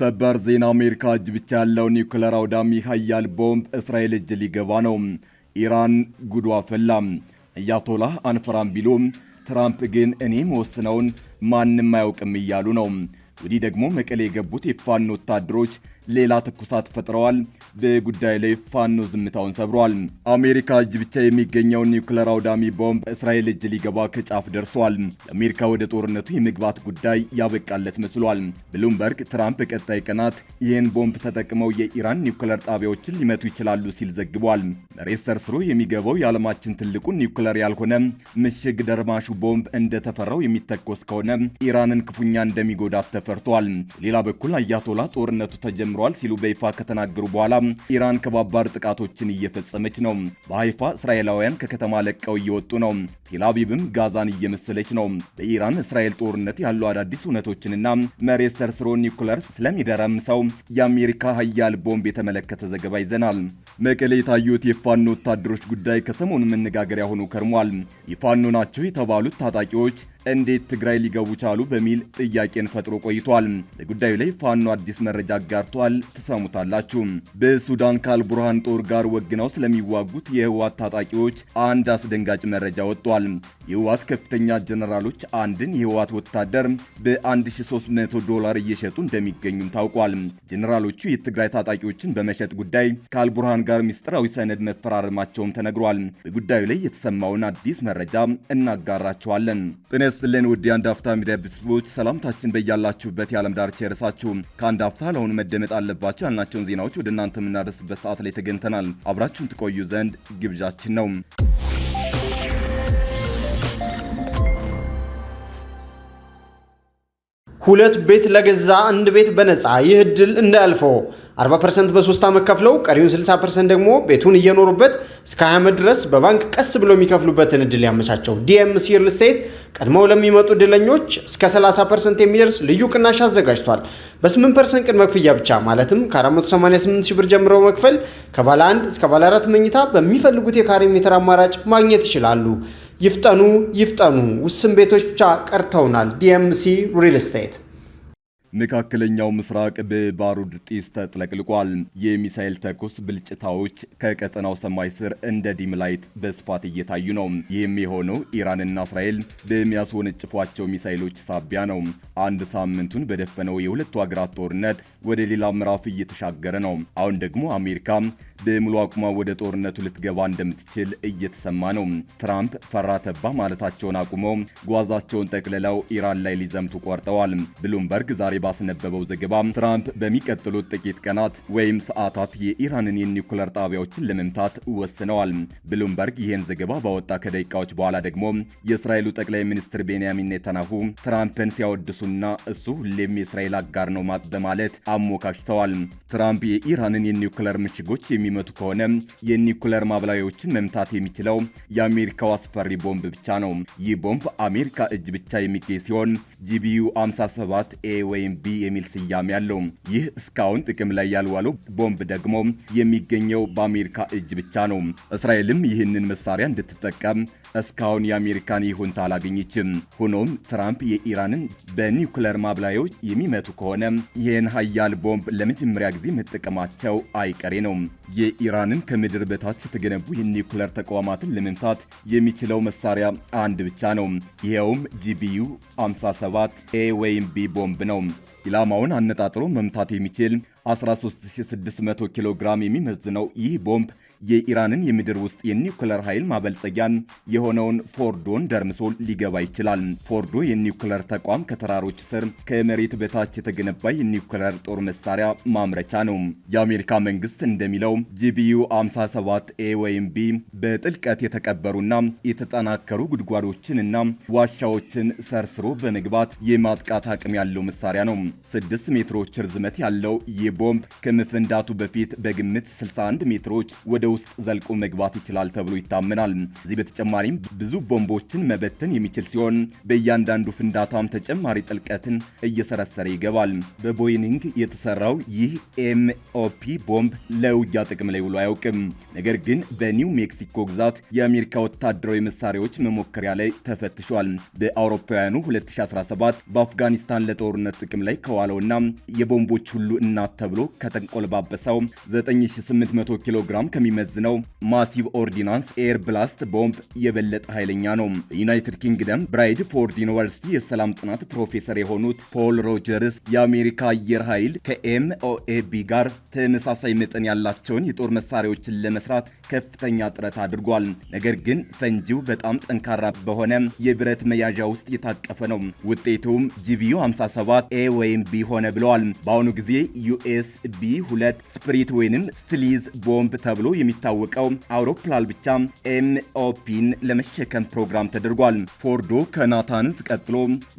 ሰበር ዜና አሜሪካ እጅ ብቻ ያለው ኒውክለር አውዳሚ ሀያል ቦምብ እስራኤል እጅ ሊገባ ነው። ኢራን ጉዷ ፈላ። አያቶላህ አንፈራም ቢሉ ትራምፕ ግን እኔ መወስነውን ማንም አያውቅም እያሉ ነው። ወዲህ ደግሞ መቀሌ የገቡት የፋኖ ወታደሮች ሌላ ትኩሳት ፈጥረዋል። በጉዳዩ ላይ ፋኖ ዝምታውን ሰብሯል። አሜሪካ እጅ ብቻ የሚገኘው ኒውክለር አውዳሚ ቦምብ እስራኤል እጅ ሊገባ ከጫፍ ደርሷል። አሜሪካ ወደ ጦርነቱ የመግባት ጉዳይ ያበቃለት መስሏል። ብሉምበርግ ትራምፕ በቀጣይ ቀናት ይህን ቦምብ ተጠቅመው የኢራን ኒውክለር ጣቢያዎችን ሊመቱ ይችላሉ ሲል ዘግቧል። መሬት ሰርስሮ የሚገባው የዓለማችን ትልቁ ኒውክለር ያልሆነ ምሽግ ደርማሹ ቦምብ እንደተፈራው የሚተኮስ ከሆነ ኢራንን ክፉኛ እንደሚጎዳት ተፈርቷል። ሌላ በኩል አያቶላ ጦርነቱ ተጀምሮ ተሞክሯል ሲሉ በይፋ ከተናገሩ በኋላ ኢራን ከባባድ ጥቃቶችን እየፈጸመች ነው። በሀይፋ እስራኤላውያን ከከተማ ለቀው እየወጡ ነው። ቴልአቪቭም ጋዛን እየመሰለች ነው። በኢራን እስራኤል ጦርነት ያሉ አዳዲስ እውነቶችንና መሬት ሰርስሮ ኒውክለር ስለሚደረምሰው የአሜሪካ ሀያል ቦምብ የተመለከተ ዘገባ ይዘናል። መቀሌ የታዩት የፋኖ ወታደሮች ጉዳይ ከሰሞኑ መነጋገሪያ ሆኖ ከርሟል። የፋኖ ናቸው የተባሉት ታጣቂዎች እንዴት ትግራይ ሊገቡ ቻሉ በሚል ጥያቄን ፈጥሮ ቆይቷል። በጉዳዩ ላይ ፋኖ አዲስ መረጃ አጋርቷል። ትሰሙታላችሁ። በሱዳን ካልቡርሃን ጦር ጋር ወግነው ስለሚዋጉት የህወሓት ታጣቂዎች አንድ አስደንጋጭ መረጃ ወጥቷል። የህወሓት ከፍተኛ ጀነራሎች አንድን የህወሓት ወታደር በ1300 ዶላር እየሸጡ እንደሚገኙም ታውቋል። ጀነራሎቹ የትግራይ ታጣቂዎችን በመሸጥ ጉዳይ ካልቡርሃን ጋር ሚስጥራዊ ሰነድ መፈራረማቸውም ተነግሯል። በጉዳዩ ላይ የተሰማውን አዲስ መረጃ እናጋራቸዋለን። ይስጥልን ውድ የአንድ አፍታ ሚዲያ ቤተሰቦች ሰላምታችን በያላችሁበት የዓለም ዳርቻ የረሳችሁ ከአንድ አፍታ ለሆኑ መደመጥ አለባቸው ያልናቸውን ዜናዎች ወደ እናንተ የምናደርስበት ሰዓት ላይ ተገኝተናል። አብራችሁን ትቆዩ ዘንድ ግብዣችን ነው። ሁለት ቤት ለገዛ አንድ ቤት በነፃ ይህ ድል እንዳያልፈው 40% በሶስት ዓመት ከፍለው ቀሪውን 60% ደግሞ ቤቱን እየኖሩበት እስከ 20 ዓመት ድረስ በባንክ ቀስ ብሎ የሚከፍሉበትን እድል ያመቻቸው ዲኤምሲ ሪል ስቴት ቀድመው ለሚመጡ እድለኞች እስከ 30% የሚደርስ ልዩ ቅናሽ አዘጋጅቷል። በ8% ቅድመ ክፍያ ብቻ ማለትም ከ488 ሺህ ብር ጀምሮ መክፈል ከባለ 1 እስከ ባለ 4 መኝታ በሚፈልጉት የካሬ ሜትር አማራጭ ማግኘት ይችላሉ። ይፍጠኑ ይፍጠኑ! ውስን ቤቶች ብቻ ቀርተውናል። ዲኤምሲ ሪል ስቴት መካከለኛው ምስራቅ በባሩድ ጢስ ተጥለቅልቋል። የሚሳኤል ተኩስ ብልጭታዎች ከቀጠናው ሰማይ ስር እንደ ዲም ላይት በስፋት እየታዩ ነው። ይህም የሆነው ኢራንና እስራኤል በሚያስወነጭፏቸው ሚሳኤሎች ሳቢያ ነው። አንድ ሳምንቱን በደፈነው የሁለቱ ሀገራት ጦርነት ወደ ሌላ ምዕራፍ እየተሻገረ ነው። አሁን ደግሞ አሜሪካ በሙሉ አቁማ ወደ ጦርነቱ ልትገባ እንደምትችል እየተሰማ ነው። ትራምፕ ፈራተባ ማለታቸውን አቁመው ጓዛቸውን ጠቅልለው ኢራን ላይ ሊዘምቱ ቆርጠዋል። ብሉምበርግ ዛሬ ባስነበበው ዘገባ ትራምፕ በሚቀጥሉት ጥቂት ቀናት ወይም ሰዓታት የኢራንን የኒውክለር ጣቢያዎችን ለመምታት ወስነዋል። ብሉምበርግ ይህን ዘገባ ባወጣ ከደቂቃዎች በኋላ ደግሞ የእስራኤሉ ጠቅላይ ሚኒስትር ቤንያሚን ኔታናሁ ትራምፕን ሲያወድሱና እሱ ሁሌም የእስራኤል አጋር ነው በማለት አሞካሽተዋል። ትራምፕ የኢራንን የኒውክለር ምሽጎች የሚመቱ ከሆነ የኒውክለር ማብላዊዎችን መምታት የሚችለው የአሜሪካው አስፈሪ ቦምብ ብቻ ነው። ይህ ቦምብ አሜሪካ እጅ ብቻ የሚገኝ ሲሆን ጂቢዩ 57 ኤ ወይም ስትሪም ቢ የሚል ስያሜ አለው። ይህ እስካሁን ጥቅም ላይ ያልዋለው ቦምብ ደግሞ የሚገኘው በአሜሪካ እጅ ብቻ ነው። እስራኤልም ይህንን መሳሪያ እንድትጠቀም እስካሁን የአሜሪካን ይሁንታ አላገኘችም። ሆኖም ትራምፕ የኢራንን በኒውክለር ማብላዮች የሚመቱ ከሆነ ይህን ሀያል ቦምብ ለመጀመሪያ ጊዜ መጠቀማቸው አይቀሬ ነው። የኢራንን ከምድር በታች የተገነቡ የኒውክለር ተቋማትን ለመምታት የሚችለው መሳሪያ አንድ ብቻ ነው። ይኸውም ጂቢዩ 57 ኤ ወይም ቢ ቦምብ ነው። ኢላማውን አነጣጥሮ መምታት የሚችል 13600 ኪሎ ግራም የሚመዝነው ይህ ቦምብ የኢራንን የምድር ውስጥ የኒውክለር ኃይል ማበልጸጊያን የሆነውን ፎርዶን ደርምሶ ሊገባ ይችላል። ፎርዶ የኒውክለር ተቋም ከተራሮች ስር ከመሬት በታች የተገነባ የኒውክለር ጦር መሳሪያ ማምረቻ ነው። የአሜሪካ መንግስት እንደሚለው ጂቢዩ 57 ኤ ወይም ቢ በጥልቀት የተቀበሩና የተጠናከሩ ጉድጓዶችንና ዋሻዎችን ሰርስሮ በመግባት የማጥቃት አቅም ያለው መሳሪያ ነው። 6 ሜትሮች ርዝመት ያለው ይህ ቦምብ ከመፈንዳቱ በፊት በግምት 61 ሜትሮች ወደ ውስጥ ዘልቆ መግባት ይችላል ተብሎ ይታመናል። እዚህ በተጨማሪም ብዙ ቦምቦችን መበተን የሚችል ሲሆን በእያንዳንዱ ፍንዳታም ተጨማሪ ጥልቀትን እየሰረሰረ ይገባል። በቦይኒንግ የተሰራው ይህ ኤምኦፒ ቦምብ ለውጊያ ጥቅም ላይ ውሎ አያውቅም። ነገር ግን በኒው ሜክሲኮ ግዛት የአሜሪካ ወታደራዊ መሳሪያዎች መሞከሪያ ላይ ተፈትሿል። በአውሮፓውያኑ 2017 በአፍጋኒስታን ለጦርነት ጥቅም ላይ ከዋለውና የቦምቦች ሁሉ እናት ተብሎ ከተንቆለባበሰው 9800 ኪሎ ግራም ከሚመዝነው ማሲቭ ኦርዲናንስ ኤር ብላስት ቦምብ የበለጠ ኃይለኛ ነው። በዩናይትድ ኪንግደም ብራይድ ፎርድ ዩኒቨርሲቲ የሰላም ጥናት ፕሮፌሰር የሆኑት ፖል ሮጀርስ የአሜሪካ አየር ኃይል ከኤምኦኤቢ ጋር ተመሳሳይ መጠን ያላቸውን የጦር መሳሪያዎችን ለመስራት ከፍተኛ ጥረት አድርጓል። ነገር ግን ፈንጂው በጣም ጠንካራ በሆነ የብረት መያዣ ውስጥ የታቀፈ ነው። ውጤቱም ጂቢዩ 57 ኤ ቢ ሆነ ብለዋል። በአሁኑ ጊዜ ዩኤስቢ ሁለት ስፕሪት ወይንም ስትሊዝ ቦምብ ተብሎ የሚታወቀው አውሮፕላን ብቻ ኤምኦፒን ለመሸከም ፕሮግራም ተደርጓል። ፎርዶ ከናታንስ ቀጥሎ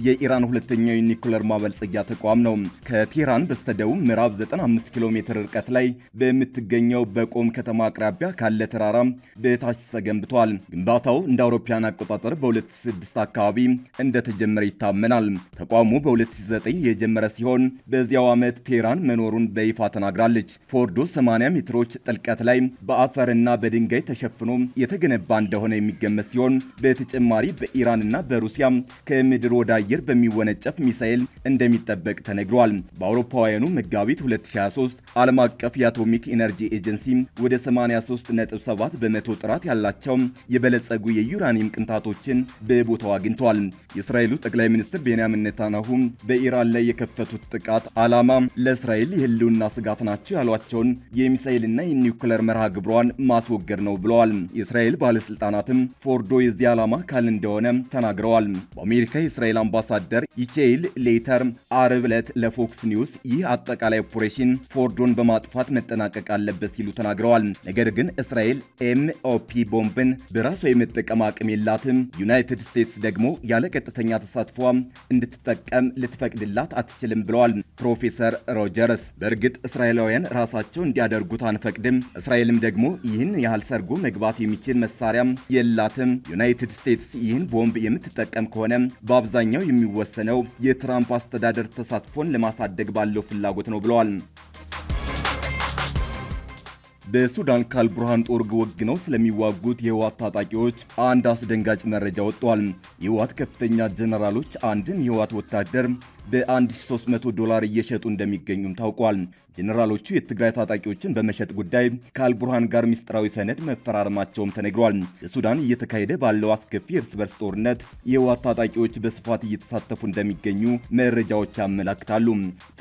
የኢራን ሁለተኛው የኒኩለር ማበልጸጊያ ተቋም ነው። ከቴህራን በስተደቡብ ምዕራብ 95 ኪሎ ሜትር ርቀት ላይ በምትገኘው በቆም ከተማ አቅራቢያ ካለ ተራራ በታች ተገንብቷል። ግንባታው እንደ አውሮፓውያን አቆጣጠር በ2006 አካባቢ እንደተጀመረ ይታመናል። ተቋሙ በ2009 የጀመረ የጀመረ ሲሆን በዚያው ዓመት ቴህራን መኖሩን በይፋ ተናግራለች። ፎርዶ 80 ሜትሮች ጥልቀት ላይ በአፈርና በድንጋይ ተሸፍኖ የተገነባ እንደሆነ የሚገመት ሲሆን በተጨማሪ በኢራንና በሩሲያ ከምድር ወደ አየር በሚወነጨፍ ሚሳኤል እንደሚጠበቅ ተነግሯል። በአውሮፓውያኑ መጋቢት 2023 ዓለም አቀፍ የአቶሚክ ኢነርጂ ኤጀንሲ ወደ 83.7 በመቶ ጥራት ያላቸው የበለጸጉ የዩራኒየም ቅንጣቶችን በቦታው አግኝተዋል። የእስራኤሉ ጠቅላይ ሚኒስትር ቤንያሚን ኔታንያሁ በኢራን ላይ የከፍ የከፈቱት ጥቃት ዓላማ ለእስራኤል የህልውና ስጋት ናቸው ያሏቸውን የሚሳኤልና የኒውክለር መርሃ ግብሯን ማስወገድ ነው ብለዋል። የእስራኤል ባለስልጣናትም ፎርዶ የዚህ ዓላማ አካል እንደሆነ ተናግረዋል። በአሜሪካ የእስራኤል አምባሳደር ይቼይል ሌተር አርብ ዕለት ለፎክስ ኒውስ ይህ አጠቃላይ ኦፕሬሽን ፎርዶን በማጥፋት መጠናቀቅ አለበት ሲሉ ተናግረዋል። ነገር ግን እስራኤል ኤምኦፒ ቦምብን በራሷ የመጠቀም አቅም የላትም። ዩናይትድ ስቴትስ ደግሞ ያለ ቀጥተኛ ተሳትፏ እንድትጠቀም ልትፈቅድላት አትችልም አትችልም ብለዋል ፕሮፌሰር ሮጀርስ። በእርግጥ እስራኤላውያን ራሳቸው እንዲያደርጉት አንፈቅድም፣ እስራኤልም ደግሞ ይህን ያህል ሰርጎ መግባት የሚችል መሳሪያም የላትም። ዩናይትድ ስቴትስ ይህን ቦምብ የምትጠቀም ከሆነ በአብዛኛው የሚወሰነው የትራምፕ አስተዳደር ተሳትፎን ለማሳደግ ባለው ፍላጎት ነው ብለዋል። በሱዳን ካልቡርሃን ጦር ወግነው ስለሚዋጉት የህወሓት ታጣቂዎች አንድ አስደንጋጭ መረጃ ወጥቷል። የህወሓት ከፍተኛ ጀነራሎች አንድን የህወሓት ወታደር በ1300 ዶላር እየሸጡ እንደሚገኙም ታውቋል። ጀኔራሎቹ የትግራይ ታጣቂዎችን በመሸጥ ጉዳይ ከአልቡርሃን ጋር ሚስጥራዊ ሰነድ መፈራረማቸውም ተነግሯል። የሱዳን እየተካሄደ ባለው አስከፊ እርስ በርስ ጦርነት የህወሓት ታጣቂዎች በስፋት እየተሳተፉ እንደሚገኙ መረጃዎች ያመላክታሉ።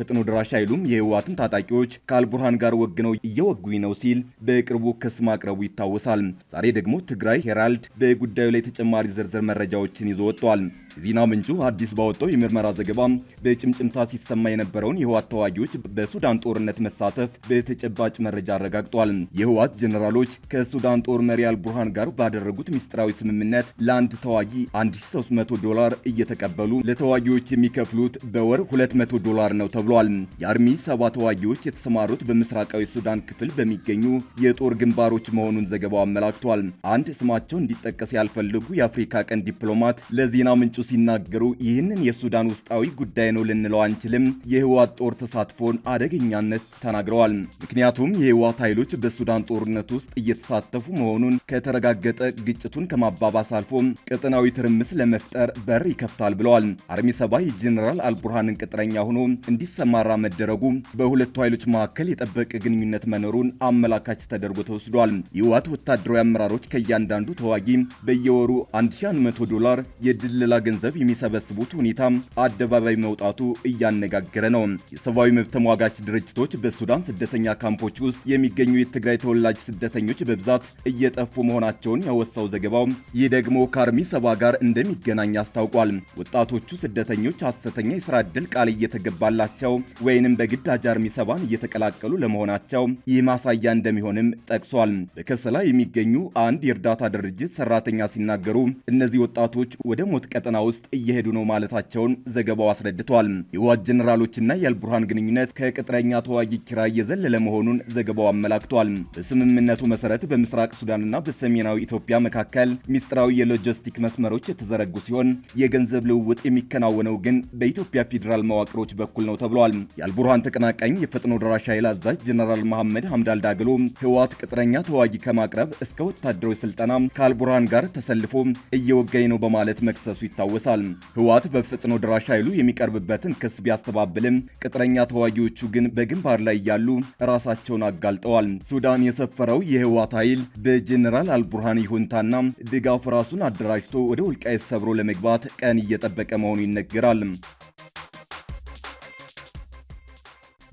ፈጥኖ ደራሽ ኃይሉም የህወሓትን ታጣቂዎች ከአልቡርሃን ጋር ወግነው እየወጉኝ ነው ሲል በቅርቡ ክስ ማቅረቡ ይታወሳል። ዛሬ ደግሞ ትግራይ ሄራልድ በጉዳዩ ላይ ተጨማሪ ዝርዝር መረጃዎችን ይዞ ወጥቷል። የዜና ምንጩ አዲስ ባወጣው የምርመራ ዘገባ በጭምጭምታ ሲሰማ የነበረውን የህዋት ተዋጊዎች በሱዳን ጦርነት መሳተፍ በተጨባጭ መረጃ አረጋግጧል። የህዋት ጀኔራሎች ከሱዳን ጦር መሪ አልቡርሃን ጋር ባደረጉት ምስጢራዊ ስምምነት ለአንድ ተዋጊ 1300 ዶላር እየተቀበሉ ለተዋጊዎች የሚከፍሉት በወር 200 ዶላር ነው ተብሏል። የአርሚ ሰባ ተዋጊዎች የተሰማሩት በምስራቃዊ ሱዳን ክፍል በሚገኙ የጦር ግንባሮች መሆኑን ዘገባው አመላክቷል። አንድ ስማቸው እንዲጠቀስ ያልፈልጉ የአፍሪካ ቀንድ ዲፕሎማት ለዜና ምንጩ ምንጮቹ ሲናገሩ ይህንን የሱዳን ውስጣዊ ጉዳይ ነው ልንለው አንችልም፣ የህወሓት ጦር ተሳትፎን አደገኛነት ተናግረዋል። ምክንያቱም የህወሓት ኃይሎች በሱዳን ጦርነት ውስጥ እየተሳተፉ መሆኑን ከተረጋገጠ ግጭቱን ከማባባስ አልፎ ቀጠናዊ ትርምስ ለመፍጠር በር ይከፍታል ብለዋል። አርሚ ሰባ የጀኔራል አልቡርሃንን ቅጥረኛ ሆኖ እንዲሰማራ መደረጉ በሁለቱ ኃይሎች መካከል የጠበቀ ግንኙነት መኖሩን አመላካች ተደርጎ ተወስዷል። የህወሓት ወታደራዊ አመራሮች ከእያንዳንዱ ተዋጊ በየወሩ 1100 ዶላር የድለላ ገንዘብ የሚሰበስቡት ሁኔታ አደባባይ መውጣቱ እያነጋገረ ነው። የሰብአዊ መብት ተሟጋች ድርጅቶች በሱዳን ስደተኛ ካምፖች ውስጥ የሚገኙ የትግራይ ተወላጅ ስደተኞች በብዛት እየጠፉ መሆናቸውን ያወሳው ዘገባው ይህ ደግሞ ከአርሚ ሰባ ጋር እንደሚገናኝ አስታውቋል። ወጣቶቹ ስደተኞች ሐሰተኛ የስራ ዕድል ቃል እየተገባላቸው ወይንም በግዳጅ አርሚ ሰባን እየተቀላቀሉ ለመሆናቸው ይህ ማሳያ እንደሚሆንም ጠቅሷል። በከሰላ የሚገኙ አንድ የእርዳታ ድርጅት ሰራተኛ ሲናገሩ እነዚህ ወጣቶች ወደ ሞት ቀጠና ውስጥ እየሄዱ ነው ማለታቸውን ዘገባው አስረድቷል። የህወሓት ጀኔራሎችና የአልቡርሃን ግንኙነት ከቅጥረኛ ተዋጊ ኪራይ እየዘለለ መሆኑን ዘገባው አመላክቷል። በስምምነቱ መሰረት በምስራቅ ሱዳንና በሰሜናዊ ኢትዮጵያ መካከል ሚስጥራዊ የሎጂስቲክ መስመሮች የተዘረጉ ሲሆን የገንዘብ ልውውጥ የሚከናወነው ግን በኢትዮጵያ ፌዴራል መዋቅሮች በኩል ነው ተብሏል። የአልቡርሃን ተቀናቃኝ የፈጥኖ ደራሽ ኃይል አዛዥ ጀኔራል መሐመድ ሐምዳል ዳግሎ ህወሓት ቅጥረኛ ተዋጊ ከማቅረብ እስከ ወታደራዊ ስልጠና ከአልቡርሃን ጋር ተሰልፎ እየወጋኝ ነው በማለት መክሰሱ ይታወቃል። ይታወሳል። ህወሓት በፈጥኖ ድራሽ ኃይሉ የሚቀርብበትን ክስ ቢያስተባብልም ቅጥረኛ ተዋጊዎቹ ግን በግንባር ላይ እያሉ ራሳቸውን አጋልጠዋል። ሱዳን የሰፈረው የህወሓት ኃይል በጄኔራል አልቡርሃን ይሁንታና ድጋፍ ራሱን አደራጅቶ ወደ ወልቃይ ሰብሮ ለመግባት ቀን እየጠበቀ መሆኑ ይነገራል።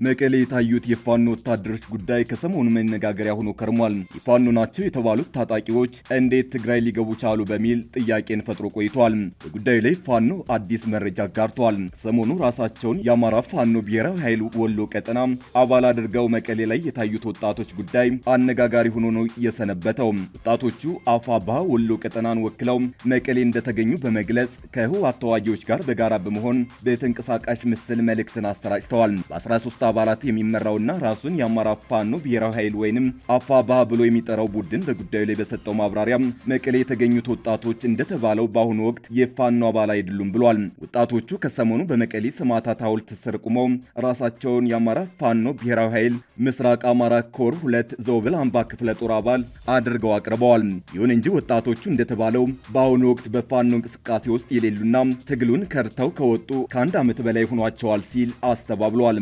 መቀሌ የታዩት የፋኖ ወታደሮች ጉዳይ ከሰሞኑ መነጋገሪያ ሆኖ ከርሟል። የፋኖ ናቸው የተባሉት ታጣቂዎች እንዴት ትግራይ ሊገቡ ቻሉ በሚል ጥያቄን ፈጥሮ ቆይቷል። በጉዳዩ ላይ ፋኖ አዲስ መረጃ አጋርቷል። ከሰሞኑ ራሳቸውን የአማራ ፋኖ ብሔራዊ ኃይል ወሎ ቀጠና አባል አድርገው መቀሌ ላይ የታዩት ወጣቶች ጉዳይ አነጋጋሪ ሆኖ ነው የሰነበተው። ወጣቶቹ አፋባ ወሎ ቀጠናን ወክለው መቀሌ እንደተገኙ በመግለጽ ከህወሓት ተዋጊዎች ጋር በጋራ በመሆን በተንቀሳቃሽ ምስል መልእክትን አሰራጭተዋል። በ13 አባላት የሚመራውና ራሱን የአማራ ፋኖ ብሔራዊ ኃይል ወይንም አፋባ ብሎ የሚጠራው ቡድን በጉዳዩ ላይ በሰጠው ማብራሪያ መቀሌ የተገኙት ወጣቶች እንደተባለው በአሁኑ ወቅት የፋኖ አባል አይደሉም ብሏል። ወጣቶቹ ከሰሞኑ በመቀሌ ሰማዕታት ሐውልት ስር ቆመው ራሳቸውን የአማራ ፋኖ ብሔራዊ ኃይል ምስራቅ አማራ ኮር ሁለት ዘውብል አምባ ክፍለ ጦር አባል አድርገው አቅርበዋል። ይሁን እንጂ ወጣቶቹ እንደተባለው በአሁኑ ወቅት በፋኖ እንቅስቃሴ ውስጥ የሌሉና ትግሉን ከርተው ከወጡ ከአንድ ዓመት በላይ ሆኗቸዋል ሲል አስተባብሏል።